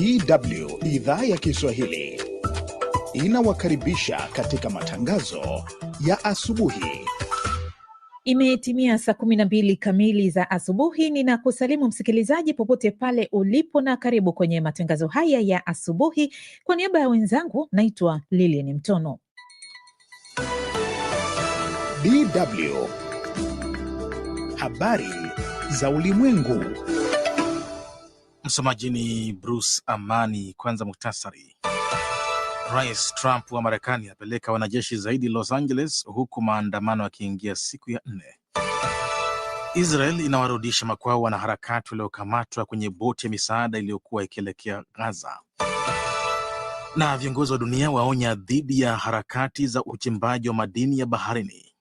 DW idhaa ya Kiswahili inawakaribisha katika matangazo ya asubuhi. Imetimia saa kumi na mbili kamili za asubuhi. Ninakusalimu msikilizaji popote pale ulipo, na karibu kwenye matangazo haya ya asubuhi. Kwa niaba ya wenzangu, naitwa Lilian Mtono. DW habari za ulimwengu Msomaji ni Bruce Amani. Kwanza muktasari. Rais Trump wa Marekani apeleka wanajeshi zaidi Los Angeles, huku maandamano yakiingia siku ya nne. Israel inawarudisha makwao wanaharakati waliokamatwa kwenye boti ya misaada iliyokuwa ikielekea Gaza. Na viongozi wa dunia waonya dhidi ya harakati za uchimbaji wa madini ya baharini.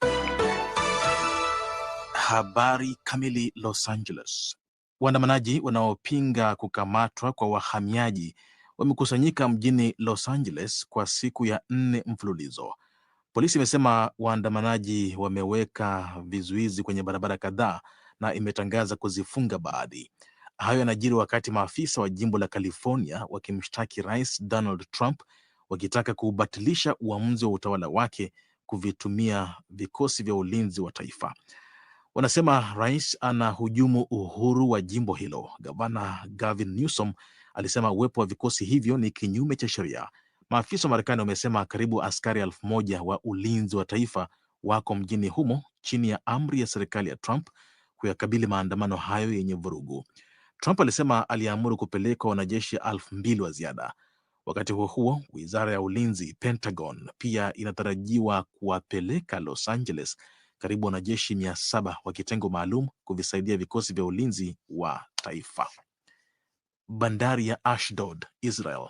Habari kamili. Los Angeles, Waandamanaji wanaopinga kukamatwa kwa wahamiaji wamekusanyika mjini Los Angeles kwa siku ya nne mfululizo. Polisi imesema waandamanaji wameweka vizuizi kwenye barabara kadhaa na imetangaza kuzifunga baadhi. Hayo yanajiri wakati maafisa wa jimbo la California wakimshtaki Rais Donald Trump wakitaka kuubatilisha uamuzi wa utawala wake kuvitumia vikosi vya ulinzi wa taifa. Wanasema rais anahujumu uhuru wa jimbo hilo. Gavana Gavin Newsom alisema uwepo wa vikosi hivyo ni kinyume cha sheria. Maafisa wa Marekani wamesema karibu askari elfu moja wa ulinzi wa taifa wako mjini humo chini ya amri ya serikali ya Trump kuyakabili maandamano hayo yenye vurugu. Trump alisema aliamuru kupelekwa wanajeshi elfu mbili wa ziada. Wakati huo huo, wizara ya ulinzi Pentagon pia inatarajiwa kuwapeleka Los Angeles karibu wanajeshi mia saba wa kitengo maalum kuvisaidia vikosi vya ulinzi wa taifa. Bandari ya Ashdod, Israel.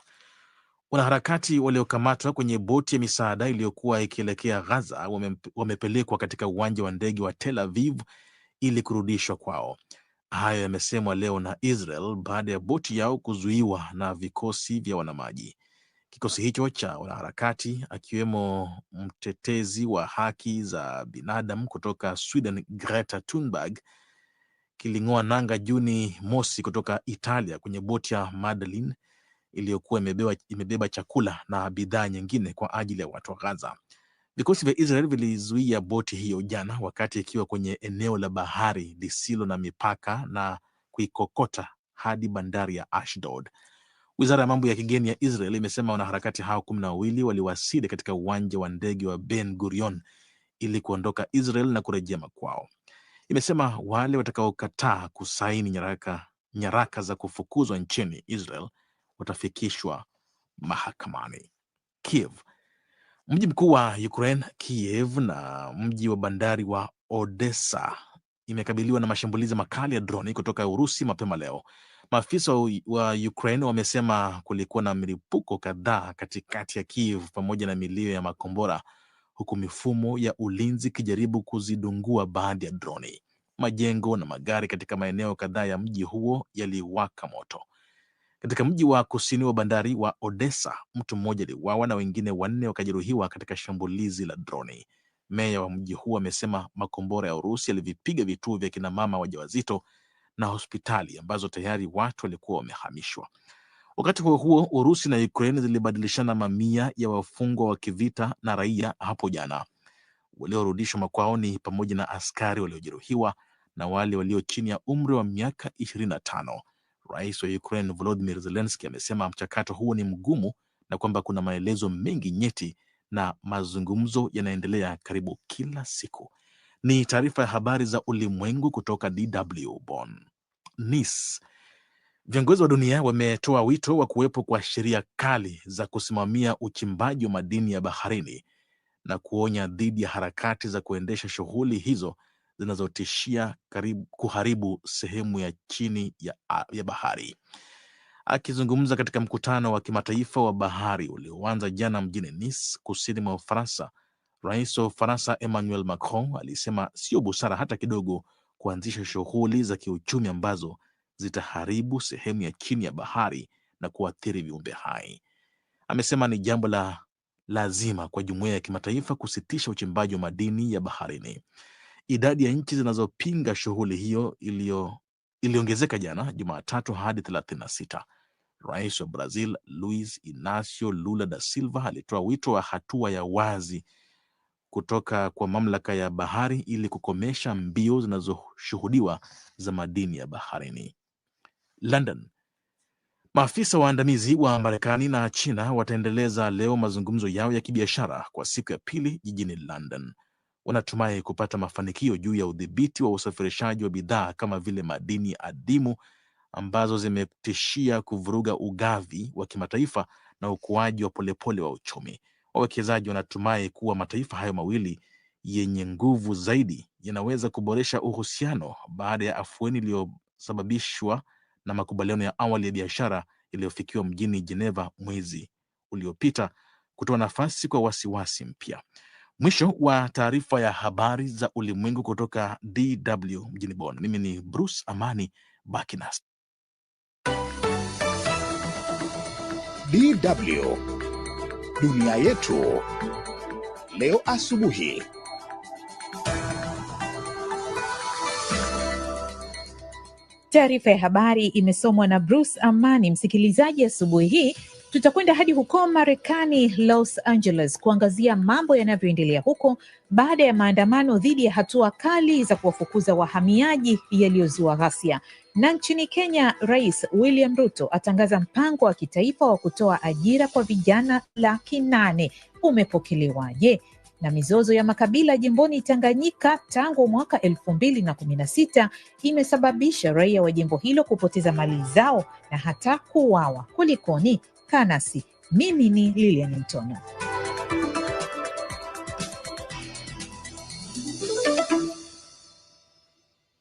Wanaharakati waliokamatwa kwenye boti ya misaada iliyokuwa ikielekea Gaza wame, wamepelekwa katika uwanja wa ndege wa Tel Aviv ili kurudishwa kwao. Hayo yamesemwa leo na Israel baada ya boti yao kuzuiwa na vikosi vya wanamaji. Kikosi hicho cha wanaharakati akiwemo mtetezi wa haki za binadamu kutoka Sweden Greta Thunberg kiling'oa nanga Juni mosi kutoka Italia kwenye boti ya Madalin iliyokuwa imebeba chakula na bidhaa nyingine kwa ajili ya watu wa Gaza. Vikosi vya Israel vilizuia boti hiyo jana wakati ikiwa kwenye eneo la bahari lisilo na mipaka na kuikokota hadi bandari ya Ashdod. Wizara ya mambo ya kigeni ya Israel imesema wanaharakati hao kumi na wawili waliwasili katika uwanja wa ndege wa Ben Gurion ili kuondoka Israel na kurejea makwao. Imesema wale watakaokataa kusaini nyaraka, nyaraka za kufukuzwa nchini Israel watafikishwa mahakamani. Kiev. Mji mkuu wa Ukraine Kiev na mji wa bandari wa Odessa imekabiliwa na mashambulizi makali ya droni kutoka Urusi mapema leo Maafisa wa Ukraine wamesema kulikuwa na milipuko kadhaa katikati ya Kiev pamoja na milio ya makombora, huku mifumo ya ulinzi ikijaribu kuzidungua baadhi ya droni. Majengo na magari katika maeneo kadhaa ya mji huo yaliwaka moto. Katika mji wa kusini wa bandari wa Odessa, mtu mmoja aliuawa na wengine wanne wakajeruhiwa katika shambulizi la droni. Meya wa mji huo amesema makombora ya Urusi yalivipiga vituo vya kinamama wajawazito na hospitali ambazo tayari watu walikuwa wamehamishwa. Wakati huo huo, Urusi na Ukraine zilibadilishana mamia ya wafungwa wa kivita na raia hapo jana. Waliorudishwa makwao ni pamoja na askari waliojeruhiwa na wale walio chini ya umri wa miaka ishirini na tano. Rais wa Ukraine Volodimir Zelenski amesema mchakato huo ni mgumu na kwamba kuna maelezo mengi nyeti na mazungumzo yanaendelea karibu kila siku. Ni taarifa ya habari za ulimwengu kutoka DW Bonn. Nice. Viongozi wa dunia wametoa wito wa kuwepo kwa sheria kali za kusimamia uchimbaji wa madini ya baharini na kuonya dhidi ya harakati za kuendesha shughuli hizo zinazotishia karibu kuharibu sehemu ya chini ya, ya bahari. Akizungumza katika mkutano wa kimataifa wa bahari ulioanza jana mjini Nice, kusini mwa Ufaransa, Rais wa Ufaransa Emmanuel Macron alisema sio busara hata kidogo kuanzisha shughuli za kiuchumi ambazo zitaharibu sehemu ya chini ya bahari na kuathiri viumbe hai. Amesema ni jambo la lazima kwa jumuiya ya kimataifa kusitisha uchimbaji wa madini ya baharini. Idadi ya nchi zinazopinga shughuli hiyo iliongezeka jana Jumatatu hadi 36. Rais wa Brazil Luis Inacio Lula da Silva alitoa wito wa hatua ya wazi kutoka kwa mamlaka ya bahari ili kukomesha mbio zinazoshuhudiwa za madini ya baharini. London. Maafisa waandamizi wa Marekani na China wataendeleza leo mazungumzo yao ya kibiashara kwa siku ya pili jijini London. Wanatumai kupata mafanikio juu ya udhibiti wa usafirishaji wa bidhaa kama vile madini adimu ambazo zimetishia kuvuruga ugavi wa kimataifa na ukuaji wa polepole wa uchumi wawekezaji wanatumai kuwa mataifa hayo mawili yenye nguvu zaidi yanaweza kuboresha uhusiano baada ya afueni iliyosababishwa na makubaliano ya awali ya biashara yaliyofikiwa mjini Geneva mwezi uliopita kutoa nafasi kwa wasiwasi mpya. Mwisho wa taarifa ya habari za ulimwengu kutoka DW mjini Bonn. Mimi ni Bruce Amani, Bakinas. DW dunia yetu leo asubuhi. Taarifa ya habari imesomwa na Bruce Amani. Msikilizaji, asubuhi hii Tutakwenda hadi huko Marekani, Los Angeles, kuangazia mambo yanavyoendelea huko baada ya maandamano dhidi ya hatua kali za kuwafukuza wahamiaji yaliyozua ghasia. Na nchini Kenya, Rais William Ruto atangaza mpango wa kitaifa wa kutoa ajira kwa vijana laki nane. Umepokelewaje? na mizozo ya makabila jimboni Tanganyika tangu mwaka elfu mbili na kumi na sita imesababisha raia wa jimbo hilo kupoteza mali zao na hata kuuawa. Kulikoni? Kaa nasi. Mimi ni Lilian Mtono.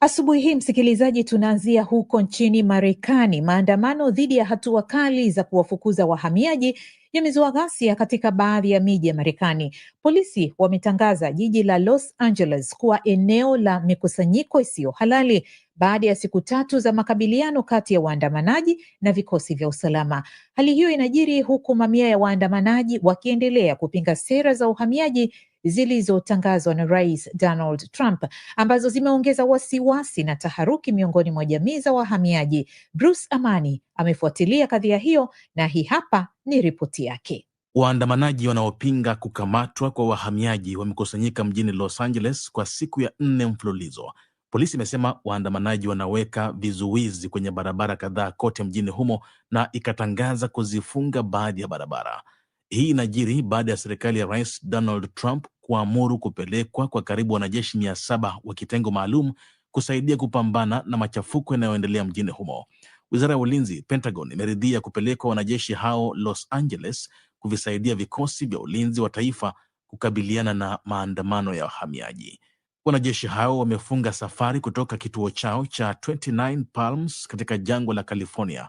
Asubuhi hii msikilizaji, tunaanzia huko nchini Marekani. Maandamano dhidi ya hatua kali za kuwafukuza wahamiaji yamezua ghasia katika baadhi ya miji ya Marekani. Polisi wametangaza jiji la Los Angeles kuwa eneo la mikusanyiko isiyo halali baada ya siku tatu za makabiliano kati ya waandamanaji na vikosi vya usalama. Hali hiyo inajiri huku mamia ya waandamanaji wakiendelea kupinga sera za uhamiaji zilizotangazwa na Rais Donald Trump ambazo zimeongeza wasiwasi na taharuki miongoni mwa jamii za wahamiaji. Bruce Amani amefuatilia kadhia hiyo na hii hapa ni ripoti yake. Waandamanaji wanaopinga kukamatwa kwa wahamiaji wamekusanyika mjini Los Angeles kwa siku ya nne mfululizo. Polisi imesema waandamanaji wanaweka vizuizi kwenye barabara kadhaa kote mjini humo na ikatangaza kuzifunga baadhi ya barabara. Hii inajiri baada ya serikali ya Rais Donald Trump kuamuru kupelekwa kwa karibu wanajeshi mia saba wa kitengo maalum kusaidia kupambana na machafuko yanayoendelea mjini humo. Wizara ya Ulinzi, Pentagon, imeridhia kupelekwa wanajeshi hao Los Angeles kuvisaidia vikosi vya ulinzi wa taifa kukabiliana na maandamano ya wahamiaji. Wanajeshi hao wamefunga safari kutoka kituo chao cha 29 Palms katika jangwa la California.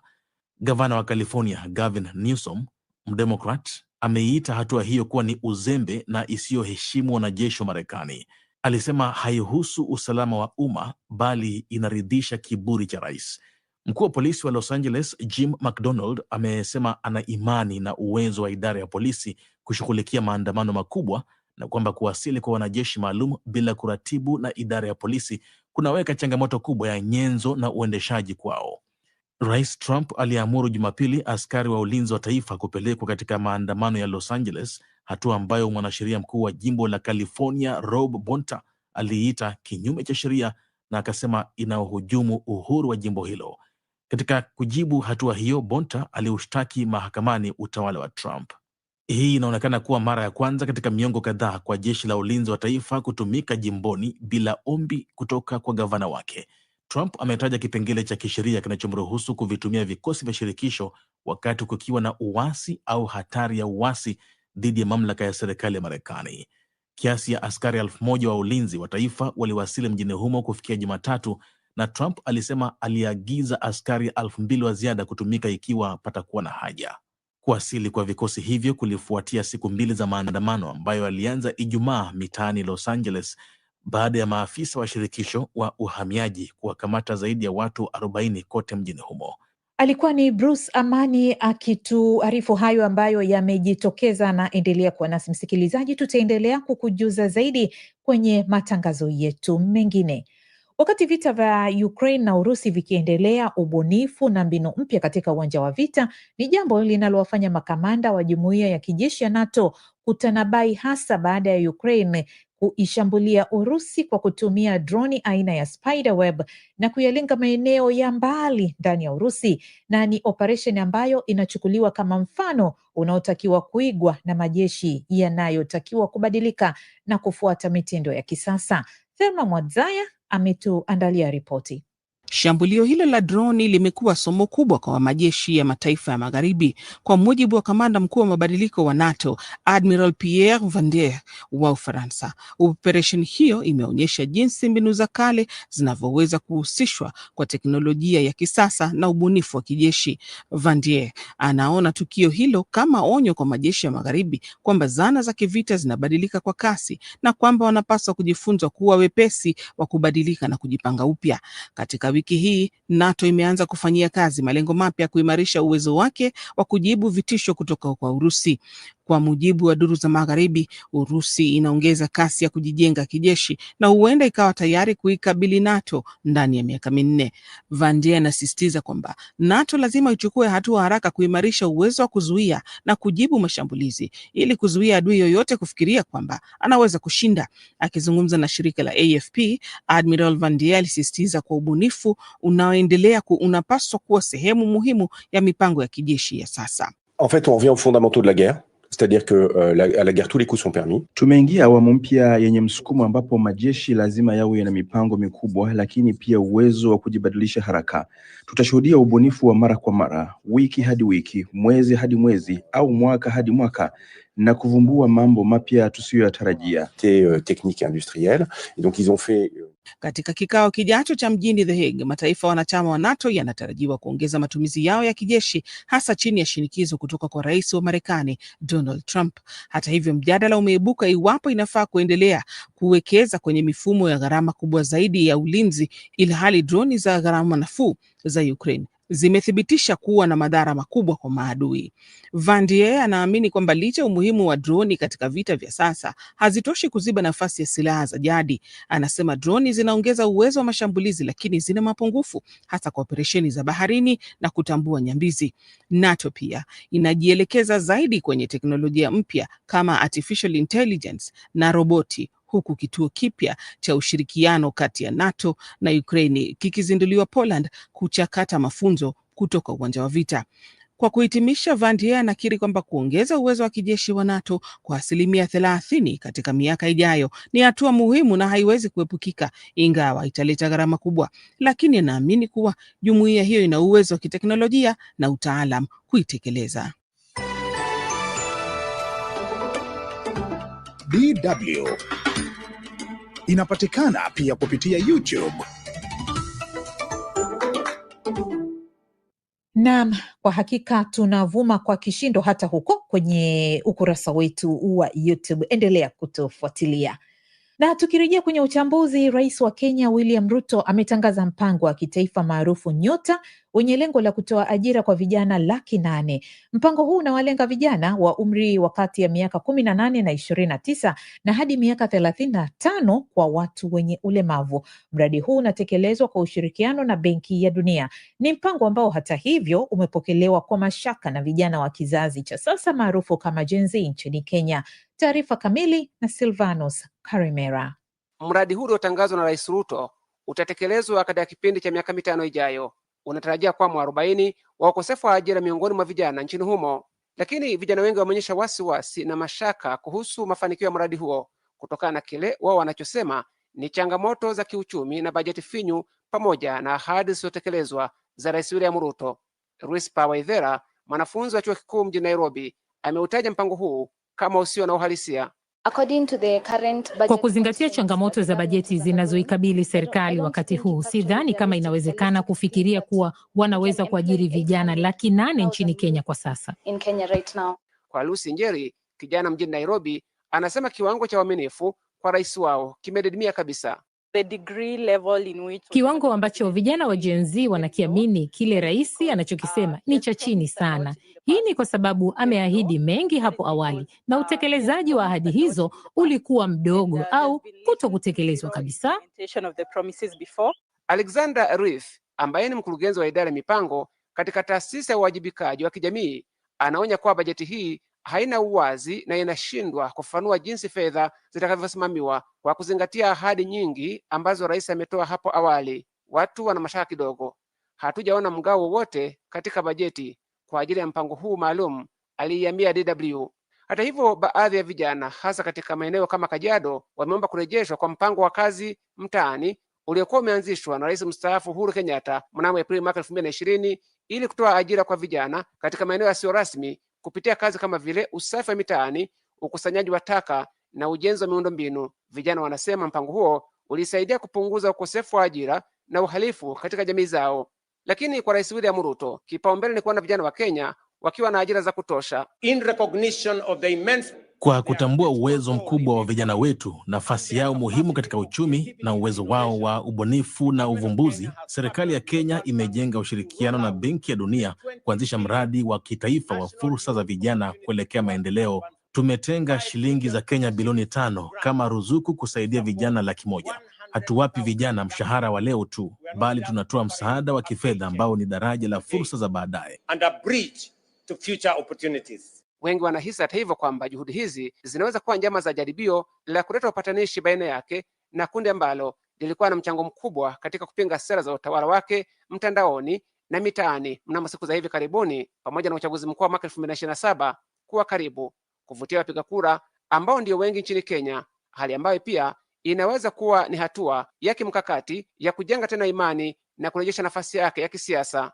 Gavana wa California Gavin Newsom mdemokrat ameiita hatua hiyo kuwa ni uzembe na isiyoheshimu wanajeshi wa Marekani. Alisema haihusu usalama wa umma bali inaridhisha kiburi cha rais. Mkuu wa polisi wa Los Angeles Jim McDonald amesema ana imani na uwezo wa idara ya polisi kushughulikia maandamano makubwa na kwamba kuwasili kwa wanajeshi maalum bila kuratibu na idara ya polisi kunaweka changamoto kubwa ya nyenzo na uendeshaji kwao. Rais Trump aliamuru Jumapili askari wa ulinzi wa taifa kupelekwa katika maandamano ya Los Angeles, hatua ambayo mwanasheria mkuu wa jimbo la California Rob Bonta aliita kinyume cha sheria na akasema inaohujumu uhuru wa jimbo hilo. Katika kujibu hatua hiyo, Bonta aliushtaki mahakamani utawala wa Trump. Hii inaonekana kuwa mara ya kwanza katika miongo kadhaa kwa jeshi la ulinzi wa taifa kutumika jimboni bila ombi kutoka kwa gavana wake. Trump ametaja kipengele cha kisheria kinachomruhusu kuvitumia vikosi vya shirikisho wakati kukiwa na uasi au hatari ya uasi dhidi ya mamlaka ya serikali ya Marekani. Kiasi ya askari elfu moja wa ulinzi wa taifa waliwasili mjini humo kufikia Jumatatu, na Trump alisema aliagiza askari elfu mbili wa ziada kutumika ikiwa patakuwa na haja. Kuwasili kwa vikosi hivyo kulifuatia siku mbili za maandamano ambayo alianza Ijumaa mitaani Los Angeles baada ya maafisa wa shirikisho wa uhamiaji kuwakamata zaidi ya watu 40 kote mjini humo. Alikuwa ni Bruce Amani akituarifu hayo ambayo yamejitokeza. anaendelea kuwa nasi msikilizaji, tutaendelea kukujuza zaidi kwenye matangazo yetu mengine. Wakati vita vya Ukraine na Urusi vikiendelea, ubunifu na mbinu mpya katika uwanja wa vita ni jambo linalowafanya makamanda wa jumuiya ya kijeshi ya NATO kutanabai, hasa baada ya Ukraine kuishambulia Urusi kwa kutumia droni aina ya Spiderweb na kuyalenga maeneo ya mbali ndani ya Urusi, na ni operesheni ambayo inachukuliwa kama mfano unaotakiwa kuigwa na majeshi yanayotakiwa kubadilika na kufuata mitindo ya kisasa. Thelma Mwadzaya ametuandalia ripoti. Shambulio hilo la droni limekuwa somo kubwa kwa majeshi ya mataifa ya magharibi. Kwa mujibu wa kamanda mkuu wa mabadiliko wa NATO Admiral Pierre Vander wa Ufaransa, operesheni hiyo imeonyesha jinsi mbinu za kale zinavyoweza kuhusishwa kwa teknolojia ya kisasa na ubunifu wa kijeshi. vandier anaona tukio hilo kama onyo kwa majeshi ya magharibi kwamba zana za kivita zinabadilika kwa kasi na kwamba wanapaswa kujifunza kuwa wepesi wa kubadilika na kujipanga upya katika wiki hii NATO imeanza kufanyia kazi malengo mapya kuimarisha uwezo wake wa kujibu vitisho kutoka kwa Urusi. Kwa mujibu wa duru za magharibi, Urusi inaongeza kasi ya kujijenga kijeshi na huenda ikawa tayari kuikabili NATO ndani ya miaka minne. Van anasistiza anasisitiza kwamba NATO lazima ichukue hatua haraka kuimarisha uwezo wa kuzuia na kujibu mashambulizi ili kuzuia adui yoyote kufikiria kwamba anaweza kushinda. Akizungumza na shirika la AFP, Admiral Van alisistiza alisisitiza kwa ubunifu unaoendelea ku unapaswa kuwa sehemu muhimu ya mipango ya kijeshi ya sasa. En fait, on revient aux fondamentaux de la guerre c'est-à-dire que euh, la, à la guerre tous les coups sont permis. Tumeingia awamu mpya yenye msukumo ambapo majeshi lazima yawe yana mipango mikubwa, lakini pia uwezo wa kujibadilisha haraka. Tutashuhudia ubunifu wa mara kwa mara, wiki hadi wiki, mwezi hadi mwezi, au mwaka hadi mwaka na kuvumbua mambo mapya tusiyoyatarajia. Euh, technique industrielle et donc ils ont fait euh, katika kikao kijacho cha mjini The Hague, mataifa wanachama wa NATO yanatarajiwa kuongeza matumizi yao ya kijeshi, hasa chini ya shinikizo kutoka kwa rais wa Marekani Donald Trump. Hata hivyo, mjadala umeibuka iwapo inafaa kuendelea kuwekeza kwenye mifumo ya gharama kubwa zaidi ya ulinzi, ilhali droni za gharama nafuu za Ukraine zimethibitisha kuwa na madhara makubwa kwa maadui. vandier anaamini kwamba licha ya umuhimu wa droni katika vita vya sasa, hazitoshi kuziba nafasi ya silaha za jadi. Anasema droni zinaongeza uwezo wa mashambulizi, lakini zina mapungufu, hasa kwa operesheni za baharini na kutambua nyambizi. NATO pia inajielekeza zaidi kwenye teknolojia mpya kama artificial intelligence na roboti huku kituo kipya cha ushirikiano kati ya NATO na Ukraini kikizinduliwa Poland kuchakata mafunzo kutoka uwanja wa vita. Kwa kuhitimisha, Van anakiri kwamba kuongeza uwezo wa kijeshi wa NATO kwa asilimia thelathini katika miaka ijayo ni hatua muhimu na haiwezi kuepukika, ingawa italeta gharama kubwa, lakini anaamini kuwa jumuiya hiyo ina uwezo wa kiteknolojia na utaalam kuitekeleza. DW. Inapatikana pia kupitia YouTube. Naam, kwa hakika tunavuma kwa kishindo hata huko kwenye ukurasa wetu wa YouTube. Endelea kutufuatilia. Na tukirejea kwenye uchambuzi, rais wa Kenya William Ruto ametangaza mpango wa kitaifa maarufu Nyota wenye lengo la kutoa ajira kwa vijana laki nane. Mpango huu unawalenga vijana wa umri wa kati ya miaka kumi na nane na ishirini na tisa na hadi miaka thelathini na tano kwa watu wenye ulemavu. Mradi huu unatekelezwa kwa ushirikiano na Benki ya Dunia. Ni mpango ambao hata hivyo umepokelewa kwa mashaka na vijana wa kizazi cha sasa maarufu kama Gen Z nchini Kenya. Taarifa kamili na Silvanos Karimera. Mradi huu uliotangazwa na Rais Ruto utatekelezwa katika kipindi cha miaka mitano ijayo unatarajia kwa arobaini wa ukosefu wa ajira miongoni mwa vijana nchini humo, lakini vijana wengi wameonyesha wasiwasi na mashaka kuhusu mafanikio ya mradi huo kutokana na kile wao wanachosema ni changamoto za kiuchumi na bajeti finyu pamoja na ahadi zisizotekelezwa za Rais William Ruto. Rispa Waithera, mwanafunzi wa chuo kikuu mjini Nairobi, ameutaja mpango huu kama usio na uhalisia. Kwa kuzingatia changamoto za bajeti zinazoikabili serikali wakati huu, sidhani kama inawezekana kufikiria kuwa wanaweza kuajiri vijana laki nane nchini Kenya kwa sasa. Kwa Lucy Njeri, kijana mjini Nairobi, anasema kiwango cha uaminifu kwa rais wao kimedidimia kabisa. The degree level in which... kiwango ambacho vijana wa Gen Z wanakiamini kile rais anachokisema uh, ni cha chini sana. Hii ni kwa sababu ameahidi mengi hapo awali na utekelezaji wa ahadi hizo ulikuwa mdogo au kuto kutekelezwa kabisa. Alexander Rif ambaye ni mkurugenzi wa idara ya mipango katika taasisi ya uwajibikaji wa kijamii anaonya kuwa bajeti hii haina uwazi na inashindwa kufanua jinsi fedha zitakavyosimamiwa kwa kuzingatia ahadi nyingi ambazo rais ametoa hapo awali. Watu wana mashaka kidogo. Hatujaona mgao wowote katika bajeti kwa ajili ya mpango huu maalum, aliiambia DW. Hata hivyo, baadhi ya vijana hasa katika maeneo kama Kajiado wameomba kurejeshwa kwa mpango wa kazi mtaani uliokuwa umeanzishwa na rais mstaafu Uhuru Kenyatta mnamo Aprili mwaka elfu mbili na ishirini ili kutoa ajira kwa vijana katika maeneo yasiyo rasmi kupitia kazi kama vile usafi wa mitaani, ukusanyaji wa taka na ujenzi wa miundombinu. Vijana wanasema mpango huo ulisaidia kupunguza ukosefu wa ajira na uhalifu katika jamii zao. Lakini kwa Rais William Ruto, kipaumbele ni kuona vijana wa Kenya wakiwa na ajira za kutosha. In recognition of the immense... kwa kutambua uwezo mkubwa wa vijana wetu, nafasi yao muhimu katika uchumi na uwezo wao wa ubunifu na uvumbuzi, serikali ya Kenya imejenga ushirikiano na Benki ya Dunia kuanzisha mradi wa kitaifa wa fursa za vijana kuelekea maendeleo. Tumetenga shilingi za Kenya bilioni tano kama ruzuku kusaidia vijana laki moja. Hatuwapi vijana mshahara wa leo tu, bali tunatoa msaada wa kifedha ambao ni daraja la fursa za baadaye to future opportunities. Wengi wanahisi hata hivyo kwamba juhudi hizi zinaweza kuwa njama za jaribio la kuleta upatanishi baina yake na kundi ambalo lilikuwa na mchango mkubwa katika kupinga sera za utawala wake mtandaoni na mitaani mnamo siku za hivi karibuni, pamoja na uchaguzi mkuu wa mwaka elfu mbili na ishirini na saba kuwa karibu kuvutia wapiga kura ambao ndio wengi nchini Kenya, hali ambayo pia inaweza kuwa ni hatua ya kimkakati ya kujenga tena imani na kurejesha nafasi yake ya kisiasa.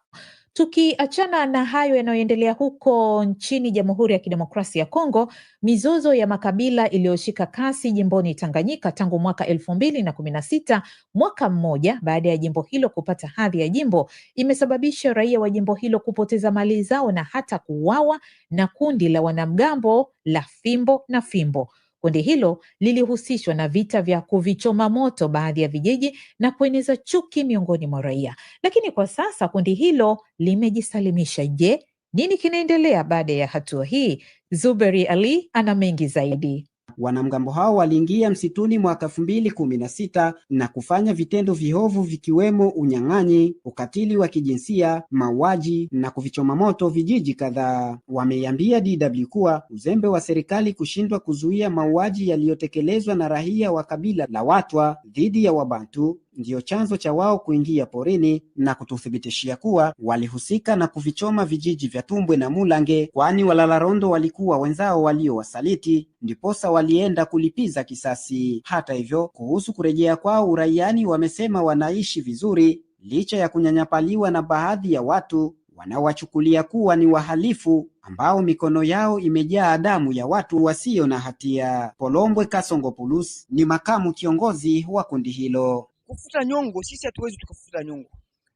Tukiachana na hayo yanayoendelea huko nchini Jamhuri ya Kidemokrasia ya Kongo, mizozo ya makabila iliyoshika kasi jimboni Tanganyika tangu mwaka elfu mbili na kumi na sita, mwaka mmoja baada ya jimbo hilo kupata hadhi ya jimbo, imesababisha raia wa jimbo hilo kupoteza mali zao na hata kuuawa na kundi la wanamgambo la Fimbo na Fimbo. Kundi hilo lilihusishwa na vita vya kuvichoma moto baadhi ya vijiji na kueneza chuki miongoni mwa raia, lakini kwa sasa kundi hilo limejisalimisha. Je, nini kinaendelea baada ya hatua hii? Zuberi Ali ana mengi zaidi. Wanamgambo hao waliingia msituni mwaka elfu mbili kumi na sita na kufanya vitendo vihovu vikiwemo unyang'anyi, ukatili wa kijinsia, mauaji na kuvichoma moto vijiji kadhaa. Wameiambia DW kuwa uzembe wa serikali kushindwa kuzuia mauaji yaliyotekelezwa na raia wa kabila la Watwa dhidi ya Wabantu ndiyo chanzo cha wao kuingia porini na kututhibitishia kuwa walihusika na kuvichoma vijiji vya Tumbwe na Mulange, kwani walalarondo walikuwa wenzao waliowasaliti, ndiposa walienda kulipiza kisasi. Hata hivyo, kuhusu kurejea kwao uraiani, wamesema wanaishi vizuri licha ya kunyanyapaliwa na baadhi ya watu wanaowachukulia kuwa ni wahalifu ambao mikono yao imejaa damu ya watu wasio na hatia. Polombwe Kasongo Pulus ni makamu kiongozi wa kundi hilo kufuta nyongo, sisi hatuwezi tukafuta nyongo.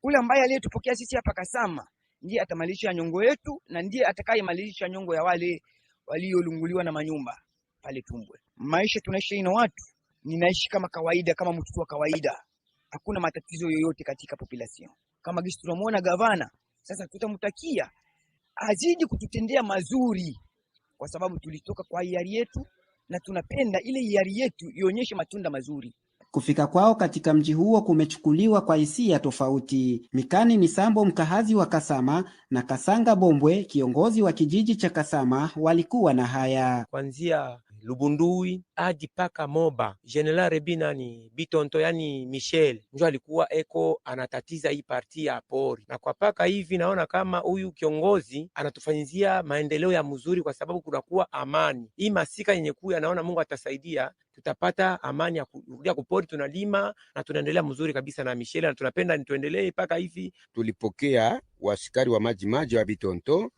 Ule ambaye aliyetupokea sisi hapa Kasama ndiye atamalisha nyongo yetu na ndiye atakayemalisha nyongo ya wale waliolunguliwa na manyumba pale Tumbwe. Maisha tunaishi na watu, ninaishi kama kawaida, kama mtu wa kawaida, hakuna matatizo yoyote katika population. Kama gisi tunamwona gavana sasa, tutamtakia azidi kututendea mazuri, kwa sababu tulitoka kwa hiari yetu na tunapenda ile hiari yetu ionyeshe matunda mazuri. Kufika kwao katika mji huo kumechukuliwa kwa hisia tofauti. Mikani ni Sambo, mkahazi wa Kasama, na Kasanga Bombwe, kiongozi wa kijiji cha Kasama, walikuwa na haya: Kwanzia Lubundui hadi paka Moba. General Rebina ni Bitonto yani Michel njo alikuwa eko anatatiza hii parti ya pori, na kwa paka hivi naona kama huyu kiongozi anatufanyizia maendeleo ya mzuri, kwa sababu kunakuwa amani hii masika yenye kuya. Naona Mungu atasaidia tutapata amani ya kurudia kupori, tunalima na tunaendelea mzuri kabisa na Michel, na tunapenda tuendelee paka hivi. Tulipokea wasikari wa majimaji wa Bitonto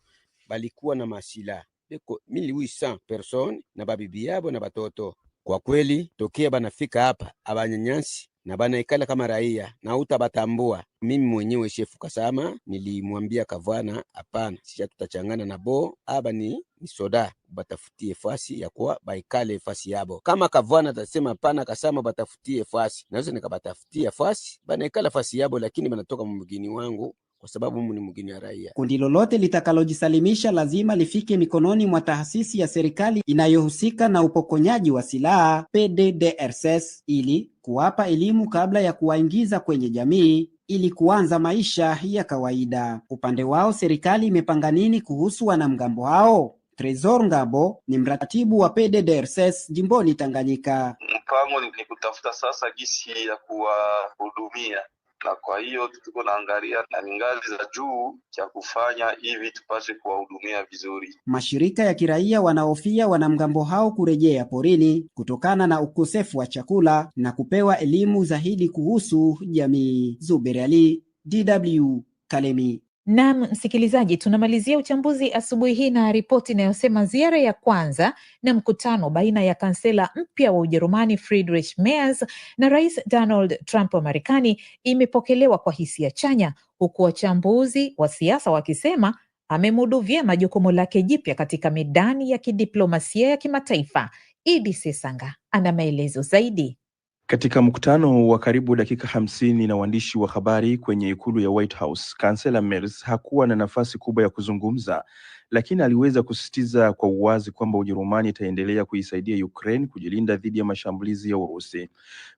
balikuwa na masila beko 1800 persone na babibi yabo na batoto. Kwa kweli tokia banafika hapa abanyanyasi na banaikala kama raia na utabatambua. Mimi mwenyewe shefu Kasama nilimwambia Kavana, hapana, sisha tutachangana na bo aba ni ni soda, batafutie fasi ya kuwa baikale fasi yabo. Kama Kavana atasema hapana, Kasama batafutie fasi, naweza nikabatafutia fasi, banaikala fasi yabo, lakini banatoka mgini wangu kwa sababu ni mgeni wa raia. Kundi lolote litakalojisalimisha lazima lifike mikononi mwa taasisi ya serikali inayohusika na upokonyaji wa silaha PDDRCS, ili kuwapa elimu kabla ya kuwaingiza kwenye jamii ili kuanza maisha ya kawaida. Upande wao serikali imepanga nini kuhusu wanamgambo hao? Tresor Ngabo ni mratibu wa PDDRCS jimboni Tanganyika. Mpango ni kutafuta sasa jinsi ya kuwahudumia na kwa hiyo tuko naangalia na ni ngazi za juu cha kufanya hivi tupate kuwahudumia vizuri. Mashirika ya kiraia wanaofia wanamgambo hao kurejea porini kutokana na ukosefu wa chakula na kupewa elimu zaidi kuhusu jamii. Zuberi Ali, DW, Kalemi. Naam, msikilizaji, tunamalizia uchambuzi asubuhi hii na ripoti inayosema ziara ya kwanza na mkutano baina ya kansela mpya wa Ujerumani Friedrich Merz na Rais Donald Trump wa Marekani imepokelewa kwa hisia chanya, huku wachambuzi wa siasa wakisema amemudu vyema jukumu lake jipya katika midani ya kidiplomasia ya kimataifa. Idi Sesanga ana maelezo zaidi. Katika mkutano wa karibu dakika hamsini na waandishi wa habari kwenye ikulu ya White House, kansela Merz hakuwa na nafasi kubwa ya kuzungumza, lakini aliweza kusisitiza kwa uwazi kwamba Ujerumani itaendelea kuisaidia Ukraine kujilinda dhidi ya mashambulizi ya Urusi.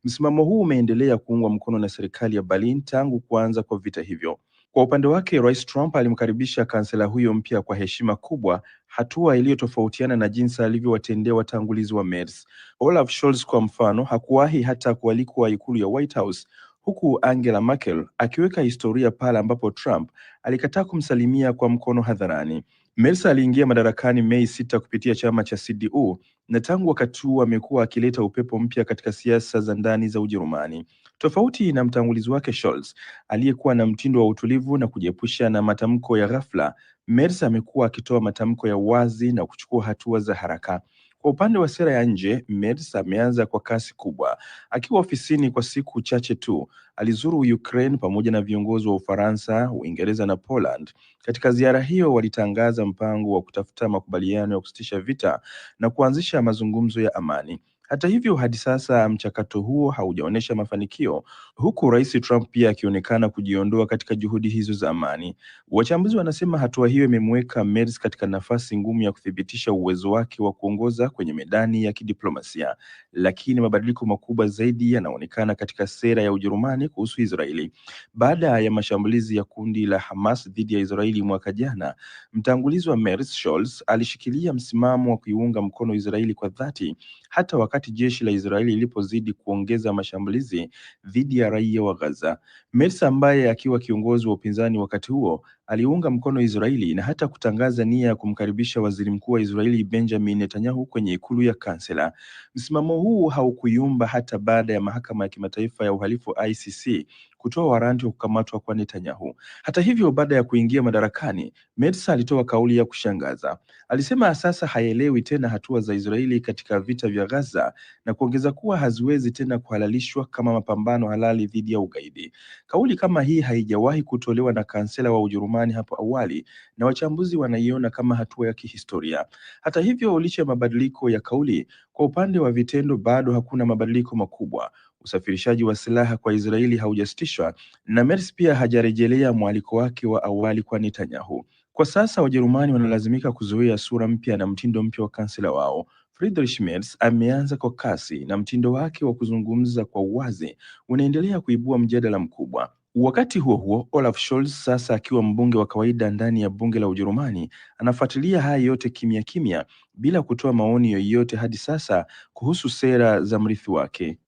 Msimamo huu umeendelea kuungwa mkono na serikali ya Berlin tangu kuanza kwa vita hivyo. Kwa upande wake, Rais Trump alimkaribisha kansela huyo mpya kwa heshima kubwa, hatua iliyotofautiana na jinsi alivyowatendea watangulizi wa Merz. Olaf Scholz kwa mfano hakuwahi hata kualikwa ikulu ya White House huku Angela Merkel akiweka historia pale ambapo Trump alikataa kumsalimia kwa mkono hadharani. Merkel aliingia madarakani Mei sita kupitia chama cha CDU na tangu wakati huo amekuwa akileta upepo mpya katika siasa za ndani za Ujerumani. Tofauti na mtangulizi wake Scholz aliyekuwa na mtindo wa utulivu na kujiepusha na matamko ya ghafla, Merkel amekuwa akitoa matamko ya wazi na kuchukua hatua za haraka. Kwa upande wa sera ya nje, Merz ameanza kwa kasi kubwa. Akiwa ofisini kwa siku chache tu, alizuru Ukraine pamoja na viongozi wa Ufaransa, Uingereza na Poland. Katika ziara hiyo, walitangaza mpango wa kutafuta makubaliano ya kusitisha vita na kuanzisha mazungumzo ya amani. Hata hivyo, hadi sasa mchakato huo haujaonyesha mafanikio, huku Rais Trump pia akionekana kujiondoa katika juhudi hizo za amani. Wachambuzi wanasema hatua hiyo imemweka Merz katika nafasi ngumu ya kuthibitisha uwezo wake wa kuongoza kwenye medani ya kidiplomasia, lakini mabadiliko makubwa zaidi yanaonekana katika sera ya Ujerumani kuhusu Israeli. Baada ya mashambulizi ya kundi la Hamas dhidi ya Israeli mwaka jana, mtangulizi wa Merz, Scholz, alishikilia msimamo wa kuiunga mkono Israeli kwa dhati hata wakati jeshi la Israeli lilipozidi kuongeza mashambulizi dhidi ya raia wa Gaza. Mersa ambaye akiwa kiongozi wa upinzani wakati huo aliunga mkono Israeli na hata kutangaza nia ya kumkaribisha waziri mkuu wa Israeli Benjamin Netanyahu kwenye ikulu ya kansela. Msimamo huu haukuyumba hata baada ya mahakama ya kimataifa ya uhalifu ICC kutoa waranti wa kukamatwa kwa Netanyahu. Hata hivyo, baada ya kuingia madarakani, Metsa alitoa kauli ya kushangaza. Alisema sasa haelewi tena hatua za Israeli katika vita vya Gaza na kuongeza kuwa haziwezi tena kuhalalishwa kama mapambano halali dhidi ya ugaidi. Kauli kama hii haijawahi kutolewa na kansela wa Ujerumani Ujerumani hapo awali na wachambuzi wanaiona kama hatua ya kihistoria. Hata hivyo, licha ya mabadiliko ya kauli, kwa upande wa vitendo bado hakuna mabadiliko makubwa. Usafirishaji wa silaha kwa Israeli haujasitishwa na Merz pia hajarejelea mwaliko wake wa awali kwa Netanyahu. Kwa sasa Wajerumani wanalazimika kuzoea sura mpya na mtindo mpya wa kansela wao. Friedrich Merz ameanza kwa kasi na mtindo wake wa kuzungumza kwa uwazi unaendelea kuibua mjadala mkubwa. Wakati huo huo, Olaf Scholz sasa akiwa mbunge wa kawaida ndani ya bunge la Ujerumani anafuatilia haya yote kimya kimya bila kutoa maoni yoyote hadi sasa kuhusu sera za mrithi wake.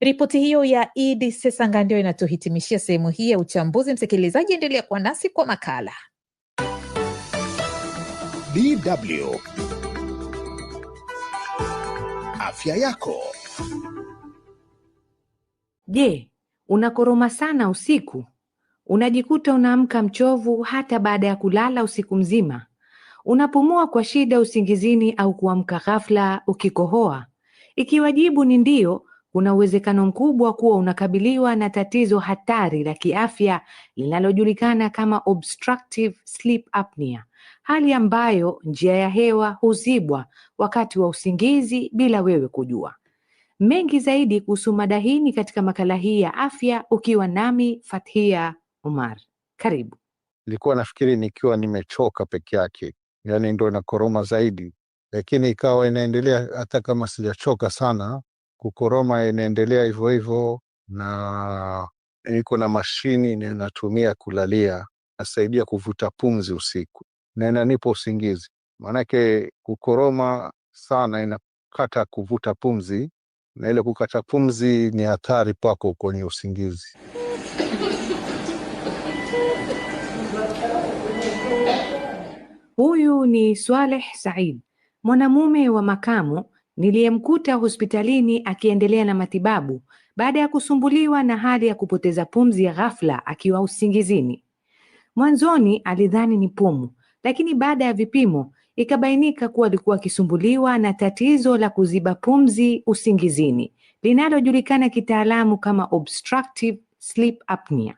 Ripoti hiyo ya Idi Sesanga ndiyo inatuhitimishia sehemu hii ya uchambuzi. Msikilizaji, endelea kuwa nasi kwa makala DW Afya Yako. Je, unakoroma sana usiku, unajikuta unaamka mchovu hata baada ya kulala usiku mzima, unapumua kwa shida usingizini au kuamka ghafla ukikohoa? Ikiwa jibu ni ndiyo, kuna uwezekano mkubwa kuwa unakabiliwa na tatizo hatari la kiafya linalojulikana kama obstructive sleep apnea, hali ambayo njia ya hewa huzibwa wakati wa usingizi bila wewe kujua. Mengi zaidi kuhusu mada hii ni katika makala hii ya afya, ukiwa nami Fathia Omar. Karibu. Nilikuwa nafikiri nikiwa nimechoka peke yake, yani ndo inakoroma zaidi, lakini ikawa inaendelea hata kama sijachoka sana, kukoroma inaendelea hivyo hivyo, na iko na mashini inatumia kulalia, nasaidia kuvuta pumzi usiku na inanipa usingizi, maanake kukoroma sana inakata kuvuta pumzi na ile kukata pumzi ni hatari kwako kwenye usingizi. Huyu ni Swaleh Said, mwanamume wa makamu niliyemkuta hospitalini akiendelea na matibabu baada ya kusumbuliwa na hali ya kupoteza pumzi ya ghafla akiwa usingizini. Mwanzoni alidhani ni pumu, lakini baada ya vipimo Ikabainika kuwa alikuwa akisumbuliwa na tatizo la kuziba pumzi usingizini linalojulikana kitaalamu kama obstructive sleep apnea.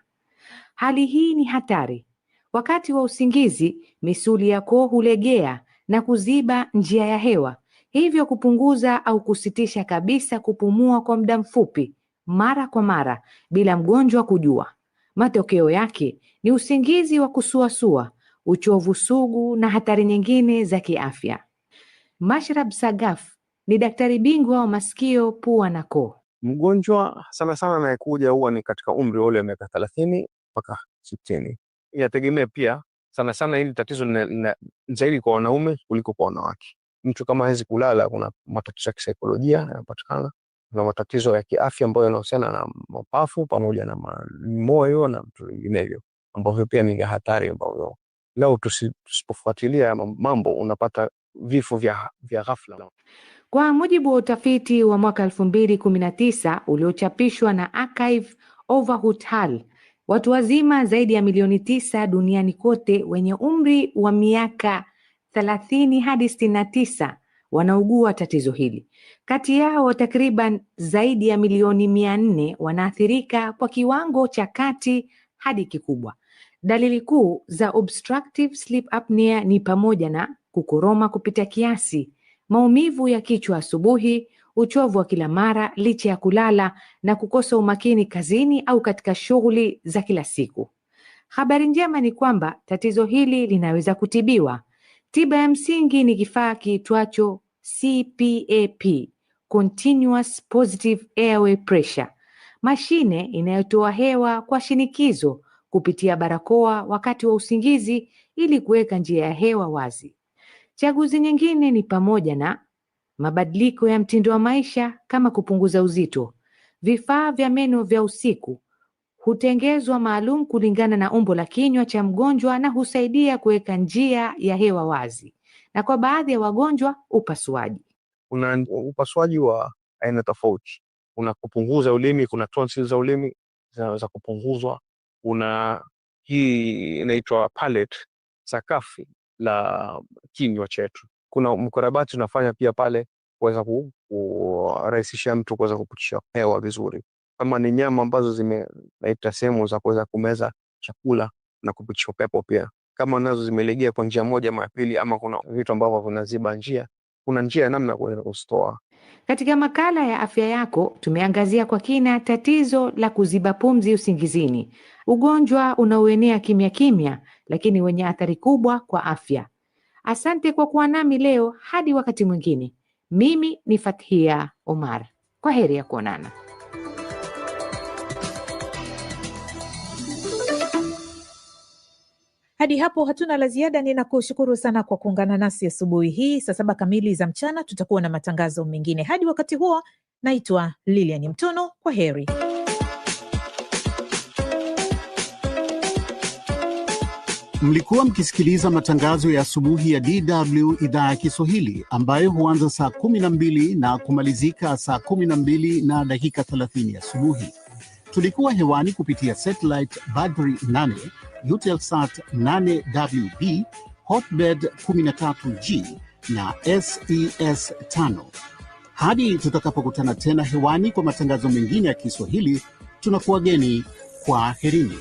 Hali hii ni hatari. Wakati wa usingizi, misuli ya koo hulegea na kuziba njia ya hewa, hivyo kupunguza au kusitisha kabisa kupumua kwa muda mfupi mara kwa mara bila mgonjwa kujua. Matokeo yake ni usingizi wa kusuasua uchovu sugu na hatari nyingine za kiafya. Mashrab Sagaf ni daktari bingwa wa masikio, pua na koo. Mgonjwa sana sana anayekuja huwa ni katika umri wa ule wa miaka thelathini mpaka sitini. Inategemea pia sana sana, hili tatizo zaidi kwa wanaume kuliko kwa wanawake. Mtu kama hawezi kulala, kuna matatizo ya kisaikolojia yanapatikana na matatizo ya kiafya ambayo yanahusiana na mapafu pamoja na moyo na vitu vinginevyo ambavyo pia ni hatari ambavyo Leo tusipofuatilia mambo unapata vifo vya, vya ghafla. Kwa mujibu wa utafiti wa mwaka elfu mbili kumi na tisa uliochapishwa na Archive over watu wazima zaidi ya milioni tisa duniani kote wenye umri wa miaka thelathini hadi sitini na tisa wanaugua tatizo hili. Kati yao takriban zaidi ya milioni mia nne wanaathirika kwa kiwango cha kati hadi kikubwa. Dalili kuu za obstructive sleep apnea ni pamoja na kukoroma kupita kiasi, maumivu ya kichwa asubuhi, uchovu wa kila mara licha ya kulala na kukosa umakini kazini au katika shughuli za kila siku. Habari njema ni kwamba tatizo hili linaweza kutibiwa. Tiba ya msingi ni kifaa kiitwacho CPAP, Continuous Positive Airway Pressure, mashine inayotoa hewa kwa shinikizo kupitia barakoa wakati wa usingizi ili kuweka njia ya hewa wazi. Chaguzi nyingine ni pamoja na mabadiliko ya mtindo wa maisha kama kupunguza uzito. Vifaa vya meno vya usiku hutengezwa maalum kulingana na umbo la kinywa cha mgonjwa na husaidia kuweka njia ya hewa wazi, na kwa baadhi ya wagonjwa upasuaji. Kuna upasuaji wa aina tofauti, kuna kupunguza ulimi, kuna tonsils za ulimi zinaweza kupunguzwa kuna hii inaitwa pallet, sakafu la kinywa chetu. Kuna mkarabati unafanya pia pale kuweza kurahisisha mtu kuweza kupitisha hewa vizuri. Kama ni nyama ambazo zimeita sehemu za kuweza kumeza chakula na kupitisha upepo pia, kama nazo zimelegea kwa njia moja ama pili, ama kuna vitu ambavyo vinaziba njia kuna njia ya namna ya kuzitoa. Katika makala ya afya yako tumeangazia kwa kina tatizo la kuziba pumzi usingizini, ugonjwa unaoenea kimya kimya, lakini wenye athari kubwa kwa afya. Asante kwa kuwa nami leo, hadi wakati mwingine. Mimi ni Fathia Omar, kwa heri ya kuonana. Hadi hapo hatuna la ziada. Ninakushukuru sana kwa kuungana nasi asubuhi hii. Saa saba kamili za mchana tutakuwa na matangazo mengine. Hadi wakati huo, naitwa Lilian Mtono. Kwa heri. Mlikuwa mkisikiliza matangazo ya asubuhi ya DW idhaa ya Kiswahili ambayo huanza saa 12 na kumalizika saa 12 na dakika 30 asubuhi. Tulikuwa hewani kupitia satellite Badri 8 Utelsat 8WB, Hotbird 13G na SES 5. E Hadi tutakapokutana tena hewani kwa matangazo mengine ya Kiswahili, tunakuwageni kwa herini.